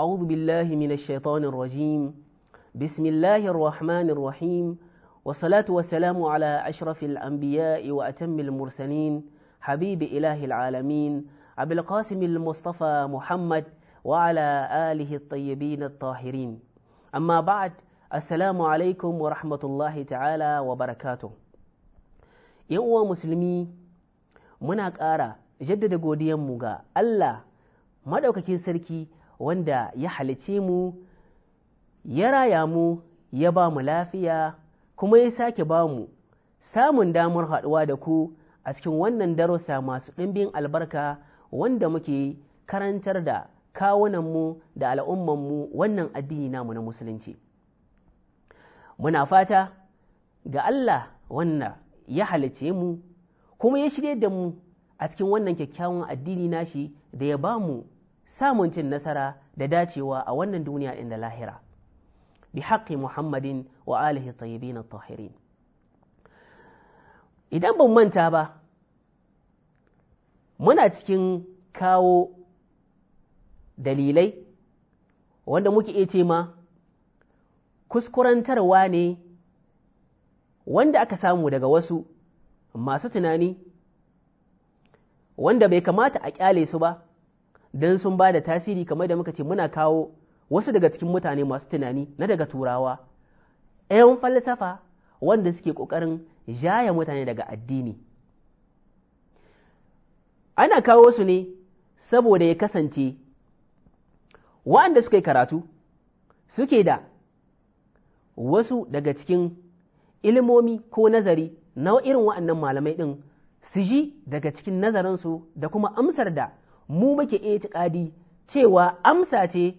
أعوذ بالله من الشيطان الرجيم بسم الله الرحمن الرحيم والصلاة والسلام على أشرف الأنبياء وأتم المرسلين حبيب إله العالمين أبي القاسم المصطفى محمد وعلى آله الطيبين الطاهرين أما بعد السلام عليكم ورحمة الله تعالى وبركاته يوم مسلمي منك آرى jaddada godiyanmu ga Allah maɗaukakin sarki wanda ya halice mu ya raya mu ya ba mu lafiya kuma ya sake ba mu samun damar haɗuwa da ku a cikin wannan darussa masu ɗimbin albarka wanda muke karantar da kawunanmu da al'ummanmu wannan addini namu na musulunci muna fata ga Allah wannan ya halice mu kuma ya shirye da mu a cikin wannan kyakkyawan addini nashi da ya ba mu samun cin nasara da dacewa a wannan duniya ɗin da lahira bi haƙƙi muhammadin wa alihi tayyibin tahirin idan ban manta ba muna cikin kawo dalilai wanda muke iya ce ma kuskurantarwa ne wanda aka samu daga wasu masu tunani wanda bai kamata a kyale su ba don sun ba da tasiri kamar da muka ce muna kawo wasu daga cikin mutane masu tunani na daga turawa 'yan falsafa wanda suke ƙoƙarin jaya mutane daga addini ana kawo su ne saboda ya kasance waɗanda suka yi karatu suke da wasu daga cikin ilimomi ko nazari na irin waɗannan malamai ɗin su ji daga cikin nazarinsu da kuma amsar da mu muke itiƙadi cewa amsa ce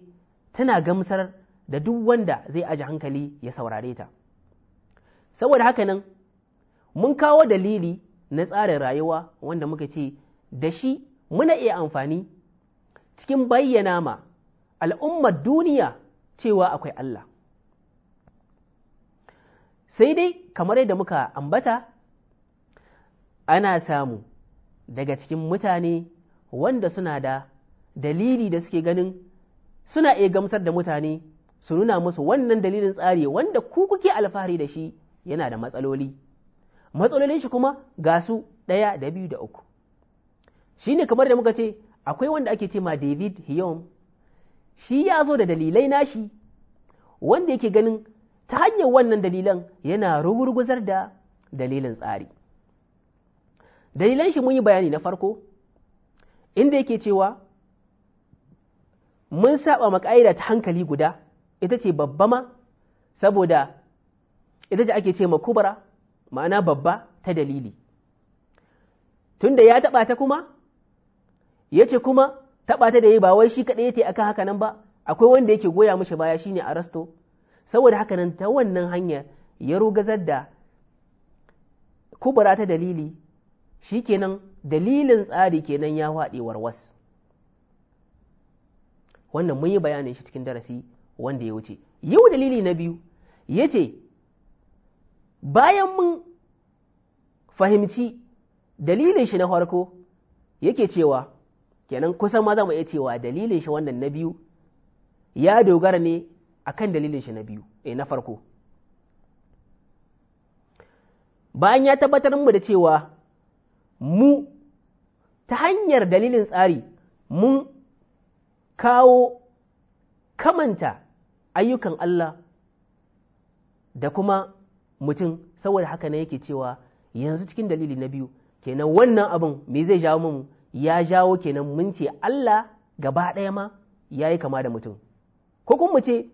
tana gamsar da duk wanda zai aji hankali ya saurare ta saboda haka nan mun kawo dalili na tsarin rayuwa wanda muka ce da shi muna iya amfani cikin bayyana ma al'ummar duniya cewa akwai Allah sai dai kamar yadda muka ambata ana samu daga cikin mutane wanda suna da dalili da suke ganin suna iya gamsar da mutane su nuna musu wannan dalilin tsari wanda ku kuke alfahari da shi yana da matsaloli matsalolin shi kuma ga su ɗaya da biyu da uku shi ne kamar da muka ce akwai wanda ake ce ma david hiyom shi ya zo da dalilai nashi wanda yake ganin ta hanyar wannan dalilan yana rugurguzar da dalilin tsari dalilan shi mun yi bayani na farko inda yake cewa mun saba maka'ida ta hankali guda ita ce babba ma saboda ita ce ake ce kubra ma'ana babba ta dalili tunda ya taba ta kuma ya ce kuma taba ta da yi ba wai shi kaɗai yi akan haka nan ba akwai wanda yake goya mishi baya shine arasto saboda haka nan ta wannan hanya ya rugazar da kubra ta dalili shikenan dalilin tsari kenan ya faɗi warwas wannan mun yi bayanin shi cikin darasi wanda ya wuce yau dalili na biyu ya ce bayan mun fahimci dalilin shi na farko yake cewa kenan kusan ma za mu iya cewa dalilin shi wannan na biyu ya dogara ne akan dalilin shi na biyu eh na farko bayan ya tabbatar mu da cewa mu ta hanyar dalilin tsari mun kawo kamanta ayyukan Allah da kuma mutum saboda haka ne yake cewa yanzu cikin dalili na biyu kenan wannan abin me zai jawo mu ya jawo kenan mun ce Allah gaba ɗaya ma ya yi kama da mutum ko kuma mu ce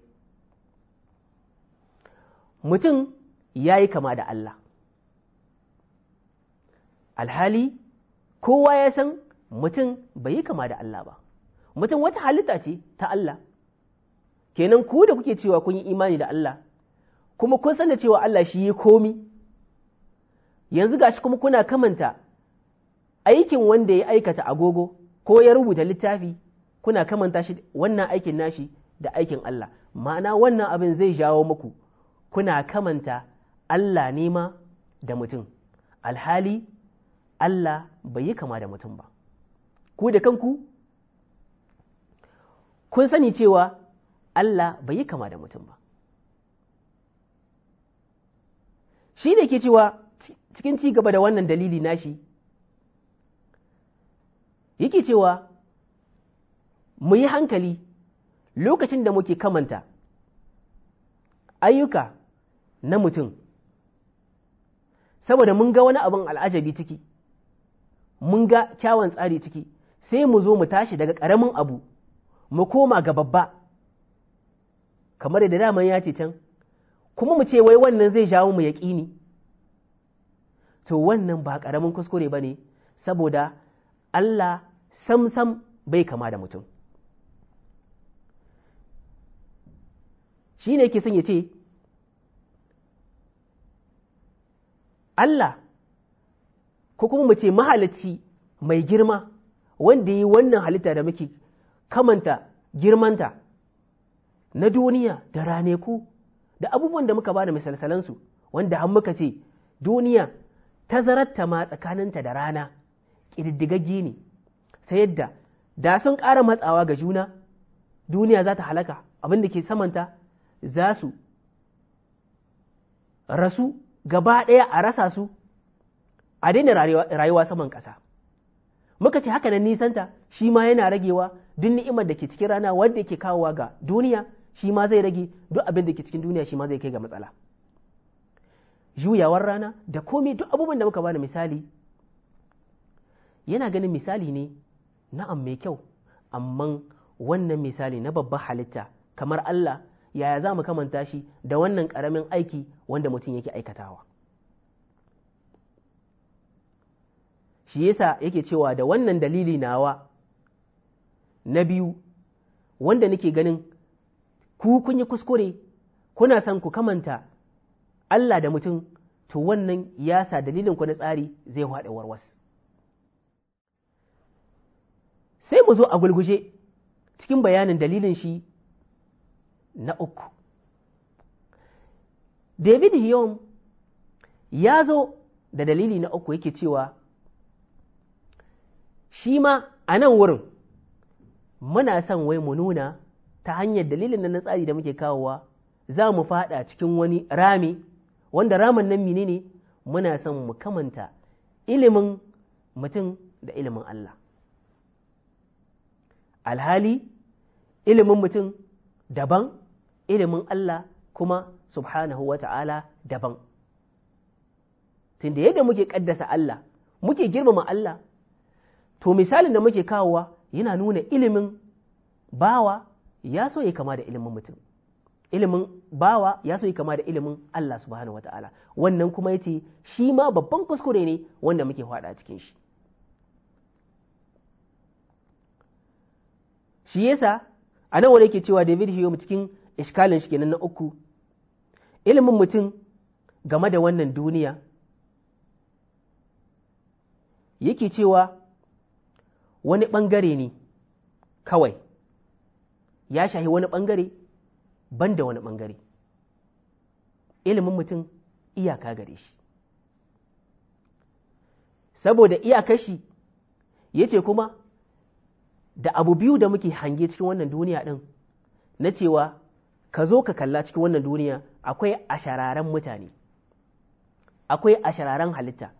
mutum ya yi kama da Allah alhali kowa ya san mutum bai yi kama da Allah ba mutum wata halitta ce ta Allah kenan ku da kuke cewa kun yi imani da Allah kuma kun san da cewa Allah shi yi komi yanzu gashi kuma kuna kamanta aikin wanda ya aikata agogo ko ya rubuta littafi kuna kamanta shi wannan aikin nashi da aikin Allah ma'ana wannan abin zai jawo muku kuna kamanta Allah nema da mutum alhali Allah bai yi kama da mutum ba ku da kanku kun sani cewa Allah bai yi kama da mutum ba shi ne ke cewa cikin ci gaba da wannan dalili nashi yake cewa mu yi hankali lokacin da muke kamanta ayyuka na mutum saboda mun ga wani abin al'ajabi ciki mun ga kyawun tsari ciki sai mu zo mu tashi daga ƙaramin abu mu koma ga babba kamar da daman ya ce can kuma mu ce wai wannan zai jawo mu yaƙini to wannan ba ƙaramin kuskure ba ne saboda Allah sam-sam bai kama da mutum shi ne yake son ya ce Allah ko kuma mu ce mahalicci mai girma wanda yi wannan halitta da muke kamanta girmanta na duniya da raneku da abubuwan da muka bada misalsalansu wanda har muka ce duniya ta tazararta ma tsakaninta da rana ƙididdigagge ne ta yadda da sun ƙara matsawa ga juna duniya za ta halaka abin da ke samanta za su rasu gaba ɗaya a rasa su a daina rayuwa saman ƙasa muka ce haka nan nisanta shi ma yana ragewa duk ni'imar da ke cikin rana wanda ke kawowa ga duniya shi ma zai rage duk abin da ke cikin duniya shi ma zai kai ga matsala juyawar rana da komai duk abubuwan da muka bani misali yana ganin misali ne na'am mai kyau amma wannan misali na babban halitta kamar Allah yaya za mu kamanta shi da wannan ƙaramin aiki wanda mutum yake aikatawa shi yasa yake cewa da wannan dalili nawa na biyu wanda nake ganin ku kun yi kuskure kuna son ku kamanta Allah da mutum to wannan ya sa dalilin ku na tsari zai haɗa warwas sai mu zo a gulguje cikin bayanin dalilin shi na uku David Hume ya zo da dalili na uku yake cewa shi ma a nan wurin muna son wai mu nuna ta hanyar dalilin nan na tsari da muke kawowa za mu fada cikin wani rami wanda ramin nan mini ne muna son mu kamanta ilimin mutum da ilimin Allah alhali ilimin mutum daban ilimin Allah kuma subhanahu wa ta'ala daban tunda yadda muke ƙaddasa Allah muke girmama Allah to misalin da muke kawowa yana nuna ilimin bawa ya so ya kama da ilimin mutum ilimin bawa ya so ya kama da ilimin Allah subhanahu wata'ala wannan kuma yace shi ma babban kuskure ne wanda muke fada cikin shi shi yasa a nan wani yake cewa David Hume cikin iskalin shi kenan na uku ilimin mutum game da wannan duniya yake cewa wani ɓangare ne kawai ya shahi wani ɓangare ban da wani ɓangare ilimin mutum iyaka gare shi saboda iyakar shi ya ce kuma da abu biyu da muke hange cikin wannan duniya ɗin na cewa ka zo ka kalla cikin wannan duniya akwai ashararen mutane akwai ashararen halitta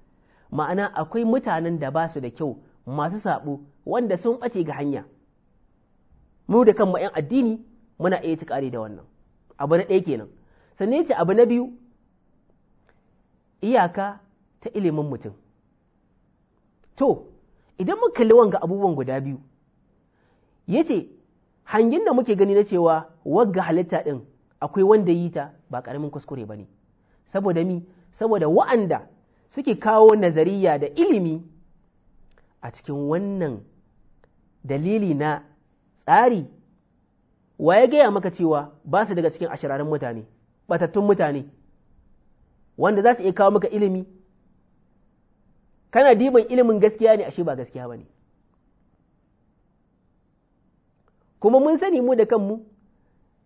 ma'ana akwai mutanen da ba su da kyau masu saɓo wanda sun ɓace ga hanya mu da kanmu 'yan addini muna iya ƙare da wannan abu na ɗaya kenan sannan ce abu na biyu iyaka ta ilimin mutum to idan muka kalli wanga abubuwan guda biyu ya ce hangin da muke gani na cewa wagga halitta ɗin akwai wanda yi ta ba ƙaramin kuskure ba ne saboda mi saboda wa'anda suke kawo nazariya da ilimi a cikin wannan dalili na tsari wa ya gaya maka cewa ba su daga cikin ashirarin mutane batattun mutane wanda za su iya kawo maka ilimi kana diban ilimin gaskiya ne ashe ba gaskiya ba ne kuma mun sani mu da kanmu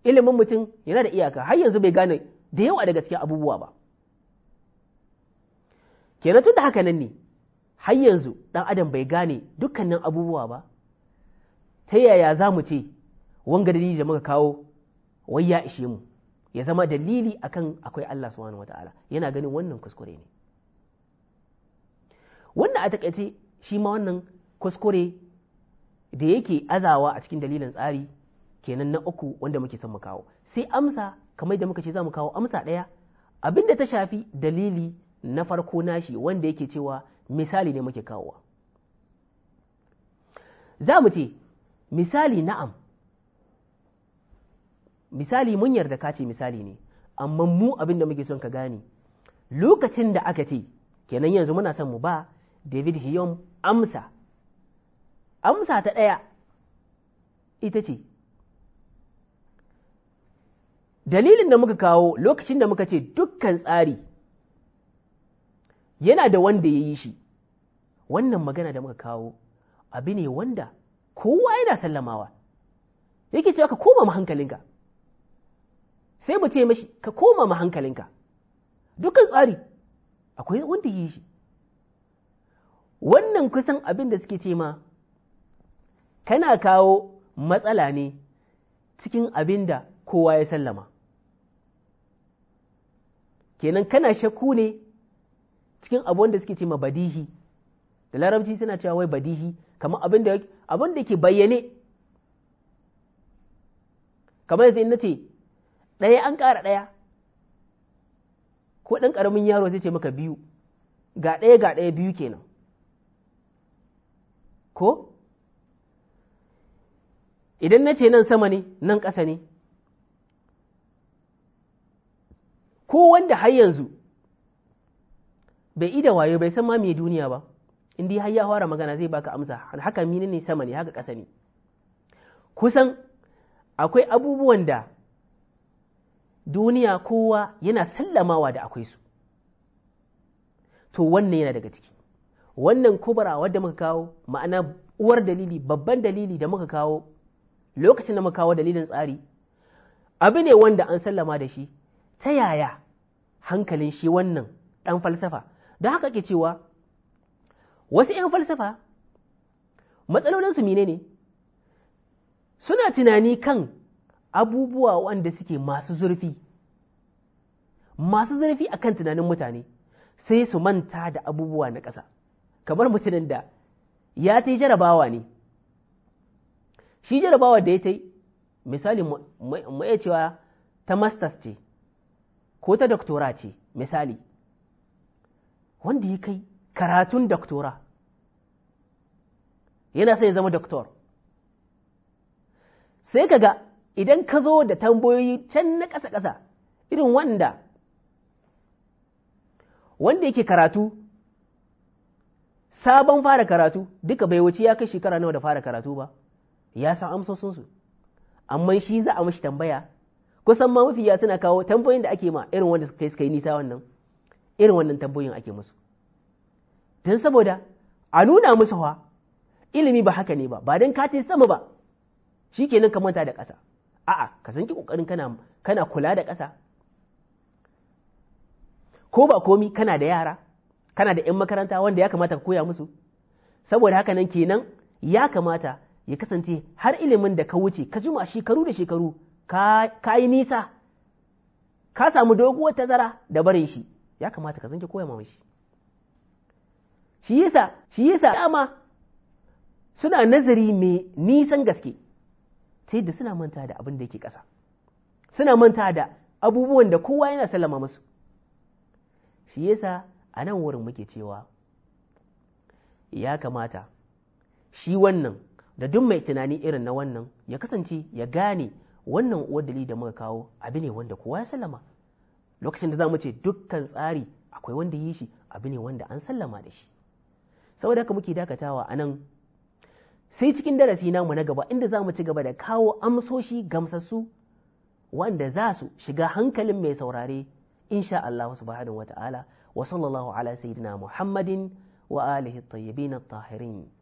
ilimin mutum yana da iyaka har yanzu bai gane da yawa daga cikin abubuwa ba kenan tun da haka nan ne har yanzu ɗan adam bai gane dukkanin abubuwa ba ta yaya za mu ce wanga dalili da muka kawo wai ya ishe mu ya zama dalili akan akwai Allah subhanahu wata'ala yana ganin wannan kuskure ne wannan a takaice shi ma wannan kuskure da yake azawa a cikin dalilin tsari kenan na uku wanda muke son mu kawo sai amsa kamar da muka ce za mu kawo amsa ɗaya abinda ta shafi dalili na farko nashi wanda yake cewa misali ne muke kawowa za mu ce misali na'am misali mun yarda ka ce misali ne amma mu abin da muke son ka gane lokacin da aka ce kenan yanzu muna son mu ba david hiyom amsa amsa ta ɗaya ita ce dalilin da muka kawo lokacin da muka ce dukkan tsari yana da wanda ya yi shi wannan magana da muka kawo abu ne wanda kowa yana sallamawa yake cewa ka koma mu hankalinka sai mu ce mashi ka koma mu hankalinka dukkan tsari akwai wanda ya yi shi wannan kusan abin da suke ce ma kana kawo matsala ne cikin abin da kowa ya sallama kenan kana shakku ne cikin abu wanda suke ce ma badihi da larabci suna cewa wai badihi kamar abin da abin da ke bayyane kamar yanzu in nace ɗaya an ƙara ɗaya ko ɗan ƙaramin yaro zai ce maka biyu ga ɗaya ga ɗaya biyu kenan ko idan na nan sama ne nan ƙasa ne ko wanda har yanzu bai ida wayo bai san ma me duniya ba in dai har ya fara magana zai baka amsa haka mini ne sama ne haka kasa ne kusan akwai abubuwan da duniya kowa yana sallamawa da akwai su to wannan yana daga ciki wannan kubara wadda muka kawo ma'ana uwar dalili babban dalili da muka kawo lokacin da muka kawo dalilin tsari abu ne wanda an sallama da shi ta yaya hankalin shi wannan dan falsafa don haka ke cewa wasu 'yan falsafa matsalolinsu mine ne suna tunani kan abubuwa wanda suke masu zurfi masu zurfi a kan tunanin mutane sai su manta da abubuwa na ƙasa kamar mutumin da ya ta jarabawa ne shi jarabawa da ya ta yi misali mu cewa ta masters ce ko ta doctora ce misali wanda ya kai karatun doktora yana sai ya zama doktor sai kaga idan ka zo da tambayoyi can na ƙasa-ƙasa irin wanda wanda yake karatu sabon fara karatu duka bai wuce ya kai shekara nawa da fara karatu ba ya san amsosinsu amma shi za a mashi tambaya kusan ma mafiya suna kawo tambayoyin da ake ma irin wanda suka yi nisa wannan irin wannan tambayoyin ake musu don saboda a nuna musu hawa ilimi ba haka ne ba ba don kati sama ba shi kenan ka manta da ƙasa a'a ka san ki ƙoƙarin kana kana kula da ƙasa ko ba komi kana da yara kana da 'yan makaranta wanda ya kamata ka koya musu saboda haka nan kenan ya kamata ya kasance har ilimin da ka wuce ka jima shekaru da shekaru ka yi nisa ka samu doguwar tazara da barin shi ya kamata ka zanke koya ma shi shi yasa shi yasa dama suna nazari mai nisan gaske ta yadda suna manta da abin da yake ƙasa suna manta da abubuwan da kowa yana sallama musu shi yasa a nan wurin muke cewa ya kamata shi wannan da duk mai tunani irin na wannan ya kasance ya gane wannan uwar da muka kawo abu ne wanda kowa ya sallama lokacin da za mu ce dukkan tsari akwai wanda yi shi abu ne wanda an sallama da shi saboda haka muke dakatawa a nan sai cikin darasi namu na gaba inda za mu ci gaba da kawo amsoshi gamsassu wanda za su shiga hankalin mai saurare insha Allah subhanahu wa ta'ala wa sallallahu ala sayyidina Muhammadin wa alihi at-tayyibin tahirin